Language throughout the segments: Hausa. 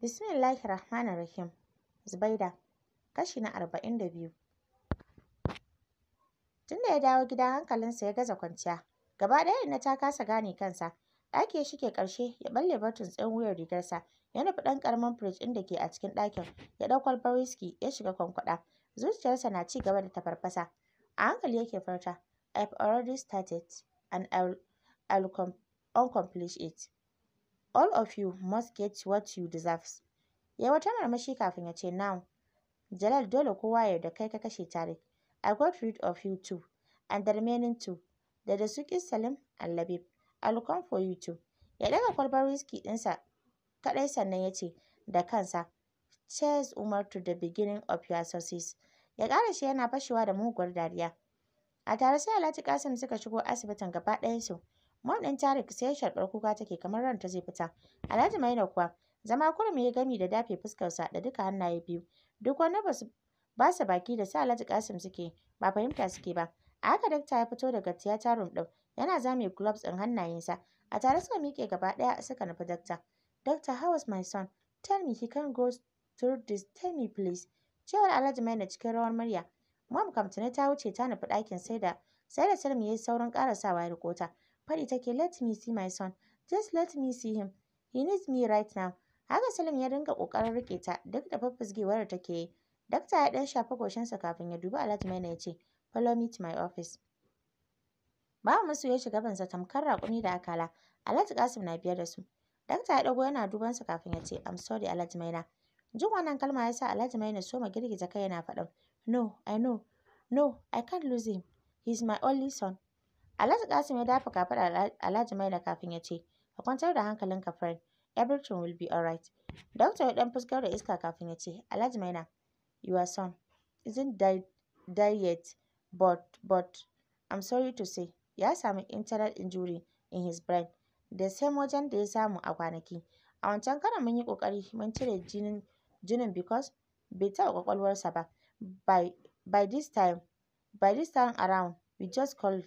Bismillahi Rahmanir Rahim. Zubaida, kashi na arba'in da biyu. Tun ya dawo gida hankalinsa ya gaza kwanciya, gaba ɗaya Inna ta kasa gane kansa. Ɗaki ya shige ƙarshe ya ɓalle batun tsayin wuyar rigarsa, ya nufi ɗan ƙaramin firij ɗin da ke a cikin ɗakin, ya ɗau kwalbar wiski ya shiga kwankwaɗa. Zuciyarsa na ci gaba da tafarfasa. A hankali yake farta, I've already started and I'll, I'll complete it. All of you must get what you deserve. Ya yi wata marmashi kafin ya ce, Now, Jalal dole kowa ya yarda kai ka kashe Tarik. I got rid of you too, and the remaining two, da da suki Salim and Labib. I'll come for you too. Ya daga kwalbar whisky ɗinsa kaɗai sannan ya ce da kansa, Cheers Umar to the beginning of your success. Ya ƙara shi yana fashewa da muguwar dariya. A tare sai Alhaji Kasim suka shigo asibitin gaba ɗayansu. Mom Tarik sai sharɓar kuka take kamar ran ta zai fita. Alhaji Maina kuwa zama kurmi ya gami da dafe fuskarsa da duka hannaye biyu. Duk wani basu ba su baki da sa Alhaji Kasim suke ba fahimta suke ba. A haka dakta ya fito daga tiyata room ɗin yana zame gloves ɗin hannayensa. A tare suka miƙe gaba ɗaya suka nufi dakta. Doctor, how is my son? Tell me he can go through this. Tell me please. Cewar Alhaji Maina cikin rawar murya. Mom kam ta wuce ta nufi ɗakin sai da sai da sirmi ya yi saurin ƙarasawa ya rikota Faɗi take let me see my son. Just let me see him. He needs me right now. Haka Salim ya dinga ƙoƙarin rike ta duk da fafisgewar da take yi. Dakta ya ɗan shafa goshinsa kafin ya dubi Alhaji Maina ya ce, Follow me to my office. Ba musu ya shiga bansa tamkar raƙumi da akala. Alhaji Kasim na biyar da su. Dakta ya dago yana dubansa kafin ya ce, I'm sorry Alhaji Maina. Jin wannan kalma ya sa Alhaji Maina ma girgiza kai yana faɗin, No, I know. No, I can't lose him. He's my only son. Alhaji Kasim ya dafa kafaɗar Alhaji Maina kafin ya ce, Ka kwantar da hankalinka friend, everything will be alright. Doctor ya ɗan fuskar da iska kafin ya ce, Alhaji Maina, your son isn't died, yet, but, but, I'm sorry to say, ya samu internal injury in his brain. Da same wajen da ya samu a kwanaki. A wancan karon mun yi ƙoƙari mun cire jinin, jinin because bai taɓa ƙwaƙwalwarsa ba. By, by this time, by this time around, we just called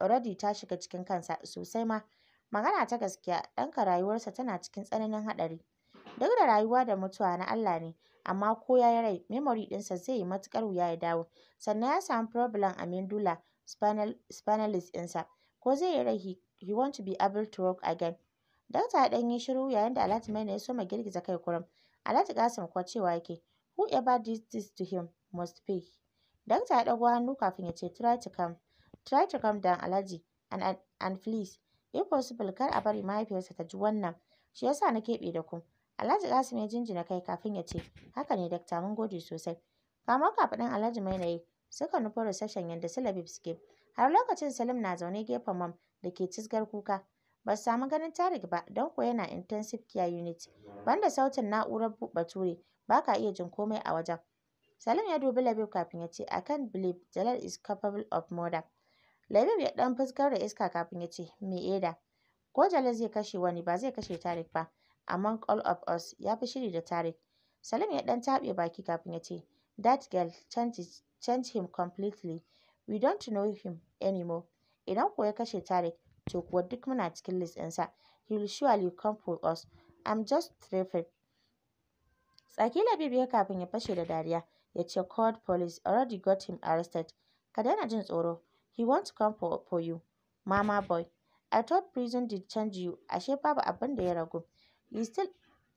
already ta shiga cikin kansa sosai ma. Magana ta gaskiya ɗanka rayuwarsa tana cikin tsananin haɗari. Duk da rayuwa da mutuwa na Allah ne amma ko ya yi rai memory ɗinsa zai yi matuƙar wuya ya dawo. Sannan ya samu problem a medulla spinalis ɗinsa. Ko zai yi rai he want to be able to walk again. Dakta ya ɗan yi shiru yayin da Alhaji Maina ya soma girgiza kai kurum. Alhaji Kasim kuwa cewa yake whoever did this to him must pay. Dakta ya ɗago hannu kafin ya ce try to come. Try to calm down Alhaji and, and, please if possible kar a bari mahaifiyarsa ta ji wannan shi yasa na keɓe da ku. Alhaji Kasim ya jinjina kai kafin ya ce haka ne dakta mun gode sosai. Kamar kafaɗin Alhaji nayi suka nufi recession yadda Silabib suke. Har lokacin Salim na zaune gefen mam da ke cisgar kuka. Ba su samu ganin Tarik ba don kuwa yana intensive care unit. Banda sautin na'urar bature ba ka iya jin komai a wajen. Salim ya dubi Labib kafin ya ce I can't believe Jalal is capable of murder. Labib ya ɗan fuskar da iska kafin ya ce, Me Eda, ko Jalal zai kashe wani ba zai kashe Tarik ba, amma all of us ya fi shiri da Tarik. Salim ya ɗan taɓe baki kafin ya ce, That girl changed, change him completely. We don't know him anymore. Idan kuwa ya kashe Tarik, to kuwa duk muna cikin list ɗinsa. He will surely come for us. I'm just terrified. Tsaki Labib ya kafin ya fashe da dariya, ya ce, Called police already got him arrested. Ka daina jin tsoro. He to come for you, mama boy. I thought prison did change you, ashe babu abin da ya ragu. You still,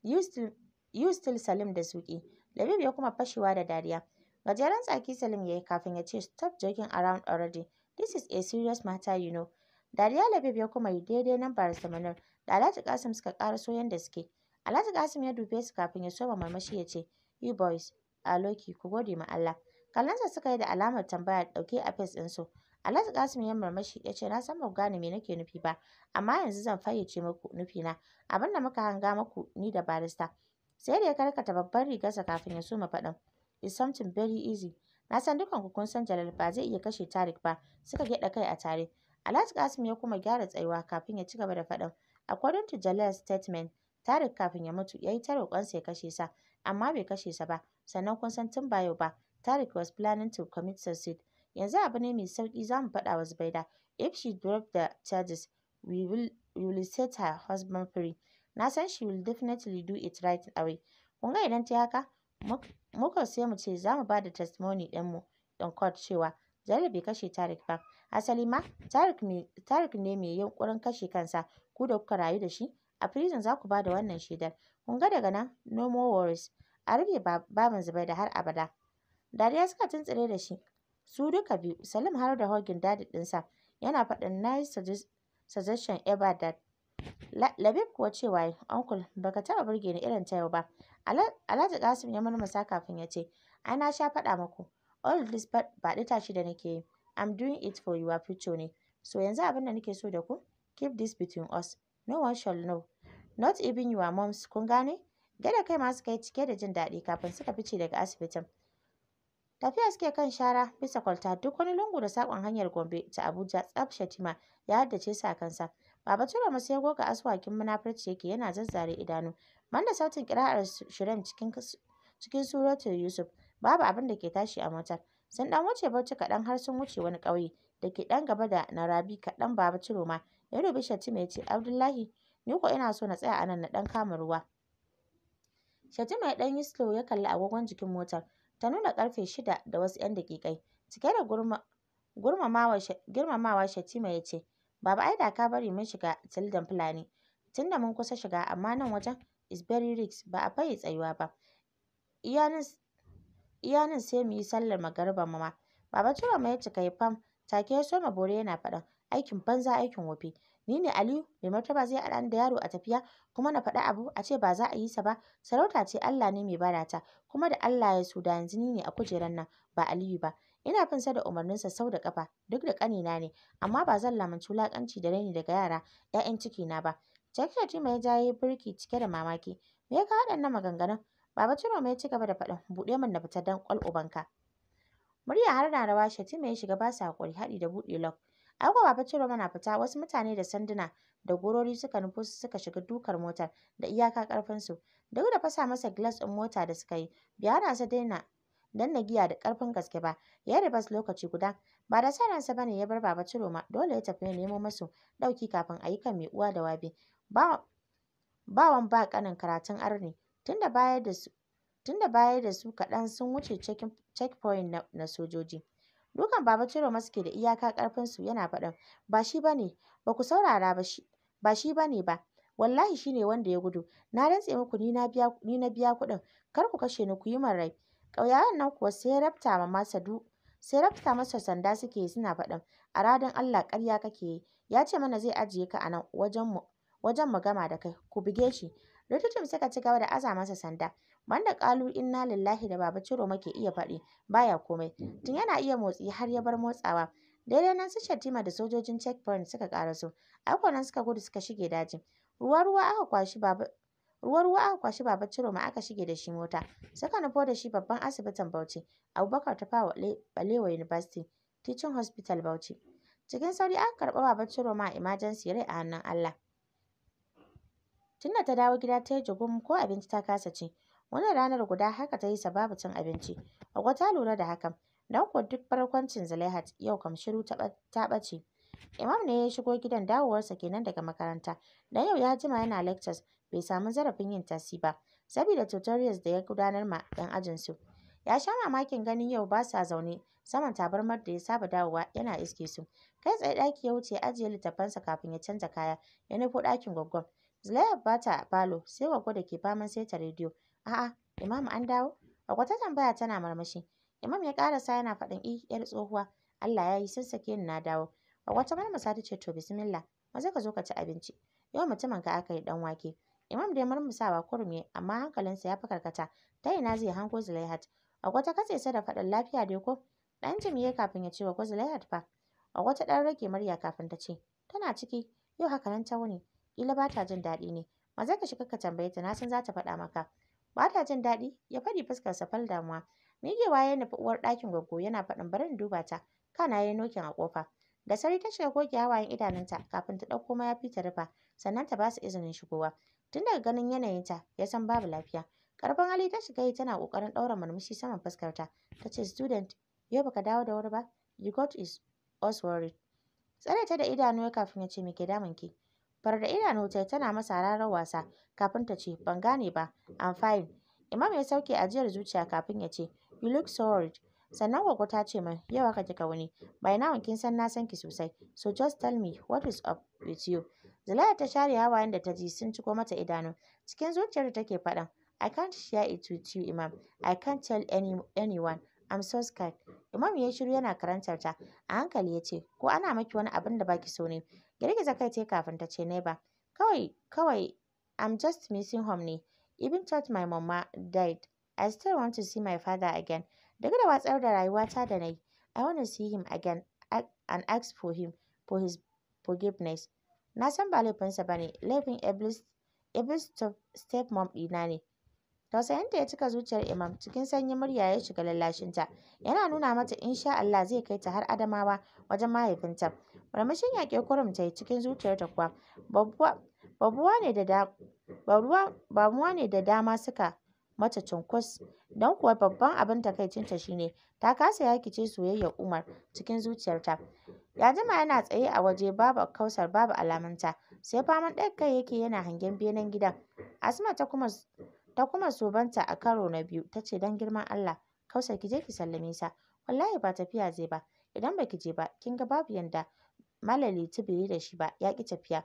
you still, you still Salim da Suki. Labib ya kuma fashewa da dariya. Gajeren tsaki Salim ya yi kafin ya ce stop joking around already. This is a serious matter you know. Dariya Labib ya kuma yi daidai nan barista Manar da Alhaji Kasim suka kara soyan da suke. Alhaji Kasim ya dube su kafin ya soma marmashi ya ce you boys, a loki ku gode ma Allah. Kallonsa suka yi da alamar tambaya ɗauke a face ɗinsu. Alhaji Kasim ya murmushi ya ce na san ba gane me nake nufi ba amma yanzu zan fayyace muku nufi na abin da muka hanga muku ni da barista. Sai da ya karkata babban rigarsa kafin ya soma faɗin. It's something very easy. Na san ku kun san Jalal ba zai iya kashe Tarik ba suka gyaɗa kai a tare. Alhaji Kasim ya kuma gyara tsayuwa kafin ya ci gaba da faɗin. According to Jalal's statement, Tarik kafin ya mutu yayi yi ta roƙonsa ya kashe sa amma bai kashe sa ba sannan kun san tun ba yau ba Tarik was planning to commit suicide yanzu abu ne mai sauƙi za mu faɗa Zubaida if she drop the charges we will we will set her husband free na san she will definitely do it right away kun ga idan ta yi haka muka sai mu ce za mu ba da testimony ɗinmu in court cewa Zainab bai kashe Tarik ba asali ma Tarik ne mai yunƙurin kashe kansa ku da kuka rayu da shi a prison za ku ba da wannan shaidar kun ga daga nan no more worries a rufe baban Zubaida har abada dariya suka tuntsire da shi Su duka biyu, Salim har da hogin dadi sa, yana faɗin nice suggestion ever that Labib kuwa cewa Uncle, baka taɓa burge ni irin ta yau ba. Alhaji Kasim ya murmusa kafin ya ce, ai na sha faɗa muku, all this ba baɗi tashi da nake yi, I'm doing it for your future ne. So yanzu abin da nake so da ku, keep this between us, no one shall know. Not even your moms, kun gane? Gada kai masu kai cike da jin daɗi kafin suka fice daga asibitin. Tafiya suke kan shara bisa kwalta duk wani lungu da sakon hanyar Gombe ta Abuja tsaf Shatima ya haddace sa kansa. Baba masu sai goga aswakin munafurci yake yana zazzare idanu. Manda sautin kira'ar Shirem cikin cikin suratul Yusuf babu abin da ke tashi a motar. Sun dan wuce Bauchi kaɗan har sun wuce wani ƙauye da ke ɗan gaba da Narabi kaɗan Baba Ture ma ya rubi Shatima ya ce Abdullahi ni ko ina so na tsaya a na ɗan kama ruwa. Shatima ya ɗan yi slow ya kalli agogon jikin motar. ta nuna karfe shida da wasu ‘yan daƙiƙai. Cike da girmamawa Shettima ya ce, Baba ai da ka bari mun shiga tilden Fulani tun da mun kusa shiga amma nan wajen is very ba a faye tsayuwa ba. Iya sai mu yi sallar magariba ma. Baba Ciroma ya cika ya fam take ya soma bore yana faɗan aikin banza aikin wofi. Ni ne Aliyu, mai martaba zai haɗa da yaro a tafiya kuma na faɗi abu a ce ba za a yi sa ba. Sarauta ce Allah ne mai ba ta, kuma da Allah ya so da yanzu ni ne a kujerar nan ba Aliyu ba. Ina fin sa da sa sau da ƙafa duk da ƙanina ne, amma ba zan lamunci wulaƙanci da raini daga yara 'ya'yan na ba. Jaki Shatima ya ja ya yi birki cike da mamaki. Me ya kawo waɗannan maganganun? Baba Ciroma ya ci gaba da faɗin, buɗe min na fita dan ƙwal ubanka. Murya har na rawa Shatima ya shiga ba sa haƙuri haɗi da buɗe lock. Ai ba Baba Ciroma na fita wasu mutane da sanduna da gorori suka nufo su suka shiga dukar motar da iyaka ƙarfinsu. Duk da fasa masa gilas ɗin mota da suka yi bai hana su daina danna giya da ƙarfin gaske ba. Ya yi reverse lokaci guda ba da son sa ba ne ya bar Baba Ciroma dole ya tafi ya nemo masu ɗauki kafin a yi kan mai uwa da wabe Ba wan ba ƙanin karatun arne tunda da baya da su kaɗan sun wuce checkpoint na sojoji. Dukan Baba ciro suke da iyaka ƙarfinsu yana faɗin, ba shi ba ne, ba ku saurara ba shi, ba shi ba ne ba, wallahi shi ne wanda ya gudu, na rantse muku ni na biya, biya kuɗin, kar ku kashe ni ku yi min rai. Ƙauyawan nan kuwa sai rabta ma masa du, sai rabta masa sanda suke yi suna faɗin, a radin Allah ƙarya kake yi, ya ce mana zai ajiye ka a nan wajen mu, wajen mu gama da kai, ku buge shi. Rututun suka ci gaba da aza masa sanda, Banda kalu inna lillahi da Baba ciro ke iya faɗi baya komai, tun yana iya motsi har ya bar motsawa. Daidai nan su Shattima da sojojin checkpoint suka ƙaraso, aiko Akonan nan suka gudu suka shige dajin. Ruwa-ruwa aka kwashi Baba Ruwa-ruwa aka kwashi Baba ma aka shige da shi mota, suka nufo da shi babban asibitin Bauchi, Abubakar ta Tafawa Balewa University Teaching Hospital Bauchi. Cikin sauri aka karɓi Baba ciro a emergency rai a hannun Allah. Tunda ta dawo gida ta yi jugum ko abinci ta kasa ci. Wannan ranar guda haka ta yi sa cin abinci. Hauwa ta lura da hakan. Dan kuwa duk barkwancin Zulaihat yau kam shiru ta ɓace. Imam ne ya shigo gidan dawowarsa kenan daga makaranta. Dan yau ya jima yana lectures bai samu zarafin yin tasi ba. Sabida tutorials da ya gudanar ma 'yan ajinsu. Ya sha mamakin ganin yau ba sa zaune saman tabarmar da ya saba dawowa yana iske su. Kai tsaye ɗaki ya wuce ya ajiye littafansa kafin ya canza kaya ya nufo ɗakin gwaggon. Zulaihat ba ta falo sai gwaggwa da ke faman saita rediyo. A'a, Imam an dawo? Gwaggo kwata tambaya tana murmushi. Imam ya karasa yana faɗin i eh, ‘yar tsohuwa, Allah ya yi sun ni na dawo. Gwaggo kwata murmusa ta ce to bismillah, maza ka zo ka ci abinci. Yau mutumin ka aka yi ɗan wake. Imam dai murmusawa kurum ya amma hankalinsa ya fi karkata ta ina zai hango Zulaihat. Gwaggo kwata katse sa da faɗin lafiya dai ko? Ɗan jimi ya kafin ya ce wa ko Zulaihat fa. Gwaggo kwata ɗan rage murya kafin ta ce tana ciki yau haka nan ta wuni. Kila ba ta jin daɗi ne. Maza ka shiga ka tambaye ta na san za ta faɗa maka. ba ta jin daɗi ya faɗi sa fal damuwa migewa ya nufi uwar ɗakin gwaggo yana faɗin bari duba ta kana yayi nokin a ƙofa da sauri ta shiga goge hawayen idanunta kafin ta ɗauko mayafi ta rufa sannan ta ba su izinin shigowa tun daga ganin yanayinta ya san babu lafiya Ƙarfin hali ta shiga yi tana ƙoƙarin ɗaura murmushi saman fuskarta. Ta ce, Student, yau baka dawo da wuri ba? You got is us worried. Tsare ta da idanu kafin ya ce, Me ke damun ki? Farda idanu ta tana masa rarar wasa kafin ta ce, Ban gane ba, I'm fine. Imam ya sauke ajiyar zuciya kafin ya ce, You look so worried. Sannan gwaggo ta ce min, yawa ka kika wuni. By now kin san na san ki sosai. So just tell me what is up with you. Zulaiha ta share hawayen da ta ji sun ciko mata idanu. Cikin zuciyar take faɗan, I can't share it with you, Imam. I can't tell any, anyone. I'm so scared. Imam ya shiru yana karantar ta. A hankali ya ce, Ko ana maki wani abin da baki so ne. girgiza kai ta kafin ta ce never kawai kawai I'm just missing home ne even thought my mama died I still want to see my father again daga da watsar da rayuwata da na I want to see him again and ask for him for his forgiveness na san ba laifinsa ba ne laifin Iblis step mom ɗina ne ta ya cika zuciyar Imam, cikin sanyin murya ya shiga lallashinta, yana nuna mata in Allah zai kai ta har Adamawa wajen mahaifinta. Murmushin yaƙe kurum ta yi, cikin zuciyarta kuwa babuwa ne da dama suka mata cunkus, don kuwa babban abin takaicinta shi ne ta kasa ce soyayya Umar cikin zuciyarta. Ya jima yana tsaye a waje babu Kausar babu alamanta, sai faman ɗaya kai yake yana hangen benen gidan. Asma ta kuma ta kuma sobanta a karo na biyu ta ce don girman Allah Kausar ki je ki sallame sa wallahi ba tafiya zai ba idan ba ki je ba kin ga babu yanda malali ta da shi ba ya ki tafiya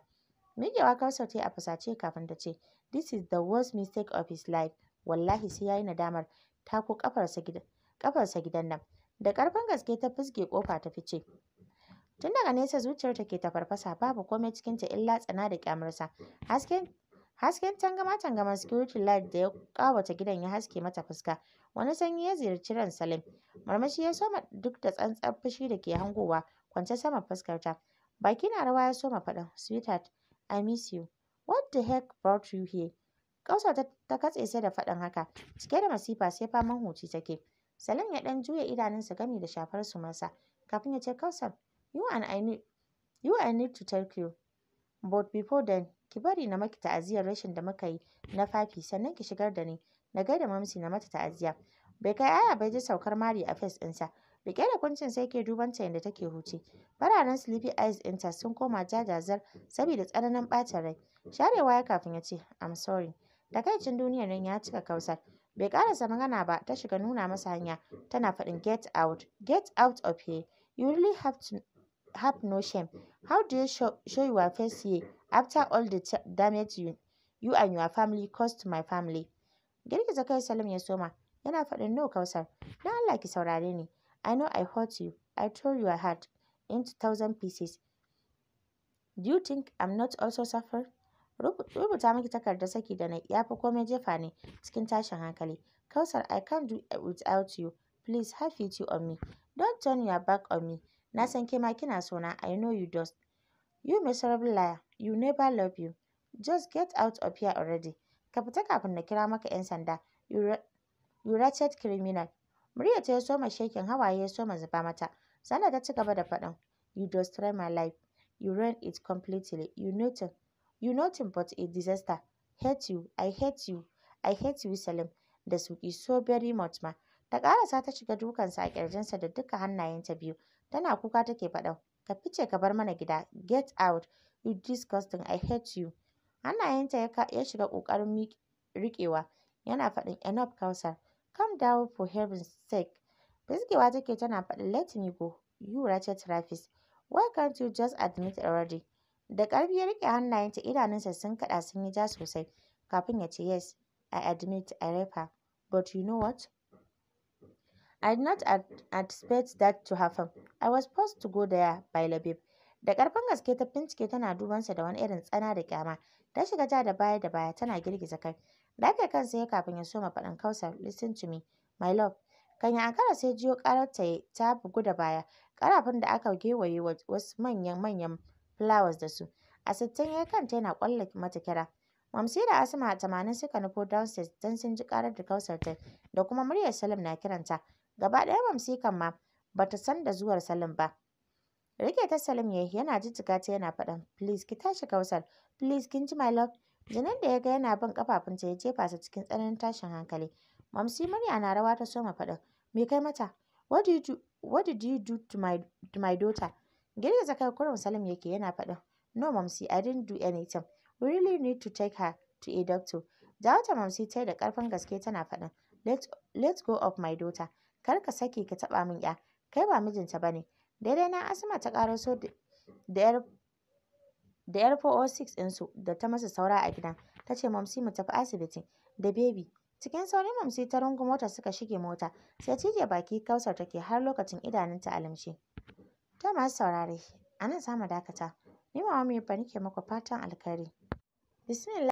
miƙewa kausa ta yi a fusace kafin ta ce this is the worst mistake of his life wallahi sai yayi nadamar ta ko kafarsa gidan gidan nan da ƙarfin gaske ta fuske ƙofa ta fice tun daga nesa zuciyar ta ke tafarfasa, babu komai cikin ta illa tsana da kyamarsa hasken Hasken tangama-tangaman security light da ya ƙawata gidan ya haske mata fuska. Wani sanyi ya ziyarci ran Salim. Marmashi ya soma duk da tsantsar fushi da ke hangowa kwance saman fuskarta. Baki na rawa ya soma faɗin, "Sweetheart, I miss you. What the heck brought you here?" Kausa ta, ta katse sai da faɗin haka, cike da masifa sai faman huci take. Salim ya ɗan juya idanunsa gami da shafar su masa, kafin ya ce kausa "You and I need, you I need to tell you, but before then, ki bari na maki ta'aziyar rashin da muka yi na fafi sannan ki shigar da ni na gaida mamsi na mata ta'aziya bai kai aya bai ji saukar mari a fes ɗinsa rike da kuncin sai ke duban ta yadda take huce fararen sleepy eyes ɗinta sun koma jajazar saboda tsananin ɓacin rai sharewa ya kafin ya ce i'm sorry takaicin duniyar nan ya cika kausar bai karasa magana ba ta shiga nuna masa hanya tana faɗin get out get out of here you really have to have no shame how do you show your face here After all the damage you, you and your family caused to my family. Girgiza kai Salim ya soma, yana faɗin no Kausar, don Allah ki saurare ni. I know I hurt you. I tore your heart into thousand pieces. Do you think I'm not also suffer? Rubuta miki takardar saki da na ya fi komai jefa ne cikin tashin hankali. Kausar, I can't do it without you. Please have pity on me. Don't turn your back on me. Na san ke kina sona. I know you just. You miserable liar, you never love you. Just get out of here already. Ka fita kafin na kira maka 'yan sanda, you wretched criminal. Murya ta ya soma shekin hawaye ya soma zuba mata. Sana ta ci gaba da faɗin, you destroy my life. You ruin it completely. You nothing. You nothing but a disaster. Hate you. I hate you. I hate you, Salim. Da suki so very much ma. Ta ƙarasa ta shiga dukansa a ƙirjinsa da duka hannayenta biyu. Tana kuka take faɗau Ka fice ka bar mana gida. Get out, you disgusting, I hate you. Hannayenta ya shiga ƙoƙarin riƙewa, yana faɗin enough Kausar. Calm down for heaven's sake. Fisgewa take tana faɗin let me go, you ratchet Rafis. Why can't you just admit already? Da ƙarfi ya riƙe hannayenta idanunsa sun kaɗa sun yi ja sosai kafin ya ce yes, I admit I rape her. But you know what? I did not anticipate that to happen. I was supposed to go there by Labib. Da ƙarfin gaske ta bincike tana dubansa da wani irin tsana da kyama. Ta shiga ja da baya da baya tana girgiza kai. Lafiya kansa ya kafin ya soma faɗin kausa. listen to me my love. Kan ya ankara sai jiyo ƙarar ta ta bugu da baya. Ƙarafin da aka gewaye wasu manyan manyan flowers da su. A sittin ya kanta yana ƙwalla mata kira. Mamsi da Asma a tamanin suka nufo downstairs don sun ji ƙarar da kausar ta da kuma muryar Salim na kiranta. Gaba ɗaya mamsi ma ba ta san da zuwar Salim ba. Rike ta Salim yi yana jijjiga ta yana faɗan please ki tashi Kausar please kin ji my love. jinin da ya ga yana bin kafafunta ya jefa su cikin tsananin tashin hankali. Mamsi murya na rawa ta soma faɗan, me kai mata what did you what did do to my daughter. Girgiza kai kurum Salim yake yana faɗan, no mamsi I didn't do anything. We really need to take her to a doctor. Da wata mamsi ta da ƙarfin gaske tana faɗan, let, let go of my daughter. kar ka saki ka taɓa min ya kai ba mijinta bane daidai na asma ta ƙaraso da yar da yar 406 ɗinsu da ta masa saura a gidan ta ce mamsi mu tafi asibiti da bebi cikin saurin mamsi ta rungu mota suka shige mota sai cije baki kausar take har lokacin idanunta a limshe ta masu saurare a nan za dakata ni ma mai fa nake maka fatan alkhairi bismillah